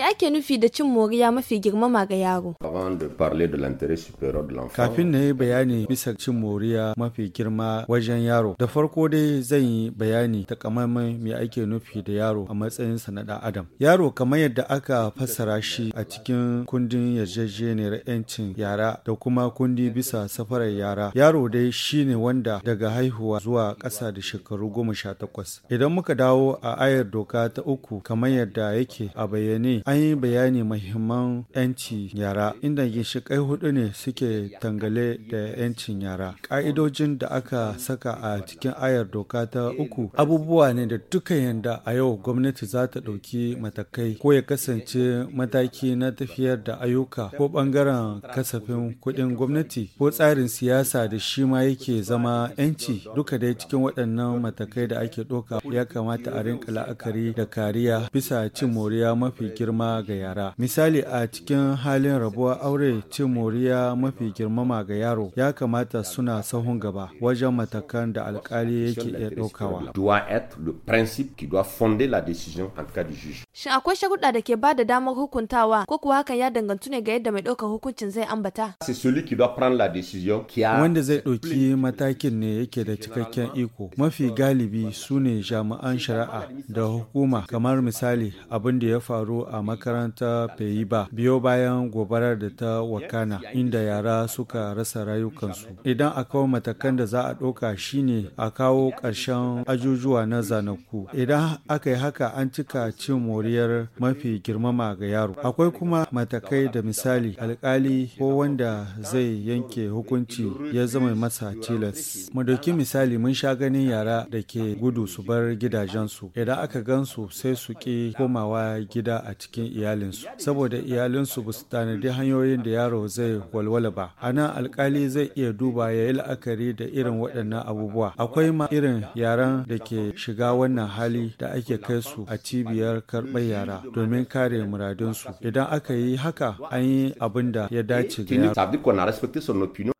Me ake nufi da cin moriya mafi girma girmama ga yaro? Kafin na yi bayani bisa cin moriya mafi girma wajen yaro, da farko dai zan yi bayani ta takamaiman me ake nufi da yaro a matsayinsa na ɗan adam. Yaro kamar yadda aka fassara shi a cikin kundin yarjejeniyar 'yancin yara da kuma kundi bisa safarar yara. Yaro dai shine wanda daga haihuwa zuwa ƙasa da shekaru goma sha takwas. Idan muka dawo a ayar doka ta uku kamar yadda yake a bayyane an yi bayani mahimman 'yancin yara inda ginshiƙai hudu ne suke tangale da 'yancin yara ƙa'idojin da aka saka a cikin ayar doka ta uku abubuwa ne da duka yanda a yau gwamnati za ta ɗauki matakai ko ya kasance mataki na tafiyar da ayyuka ko bangaren kasafin kuɗin gwamnati ko tsarin siyasa da shi ma yake zama 'yanci duka dai cikin waɗannan matakai da ake ɗauka ya kamata a rinka la'akari da kariya bisa cin moriya mafi girma girma ga yara. Misali a cikin halin rabuwar aure ce moriya mafi girmama ga yaro ya kamata suna sahun gaba wajen matakan da alkali yake iya ɗaukawa. Shin akwai sharuɗa da ke ba da damar hukuntawa ko kuwa hakan ya dangantu ne ga yadda mai ɗaukar hukuncin zai ambata? Wanda zai ɗauki matakin ne yake da cikakken iko. Mafi galibi su ne jami'an shari'a da hukuma kamar misali abin da ya faru a makarantar Peyiba biyo bayan gobarar da ta wakana inda yara suka rasa rayukansu. Idan a kawo matakan da za a ɗauka shine a kawo ƙarshen ajujuwa na zanaku. Idan aka yi haka an cika cin more kariyar mafi girmama ga yaro akwai kuma matakai da misali alkali ko wanda zai yanke hukunci ya zama masa tilas mu dauki misali mun sha ganin yara da ke gudu su bar gidajensu idan aka gansu sai su ki komawa gida a cikin iyalinsu saboda iyalinsu ba su tanadi hanyoyin da yaro zai walwala ba a nan alkali zai iya duba ya yi la'akari da irin waɗannan abubuwa akwai ma irin yaran da ke shiga wannan hali da ake kai su a cibiyar karɓar bayyara domin kare muradinsu idan aka yi haka an yi abin da ya dace ga yaro.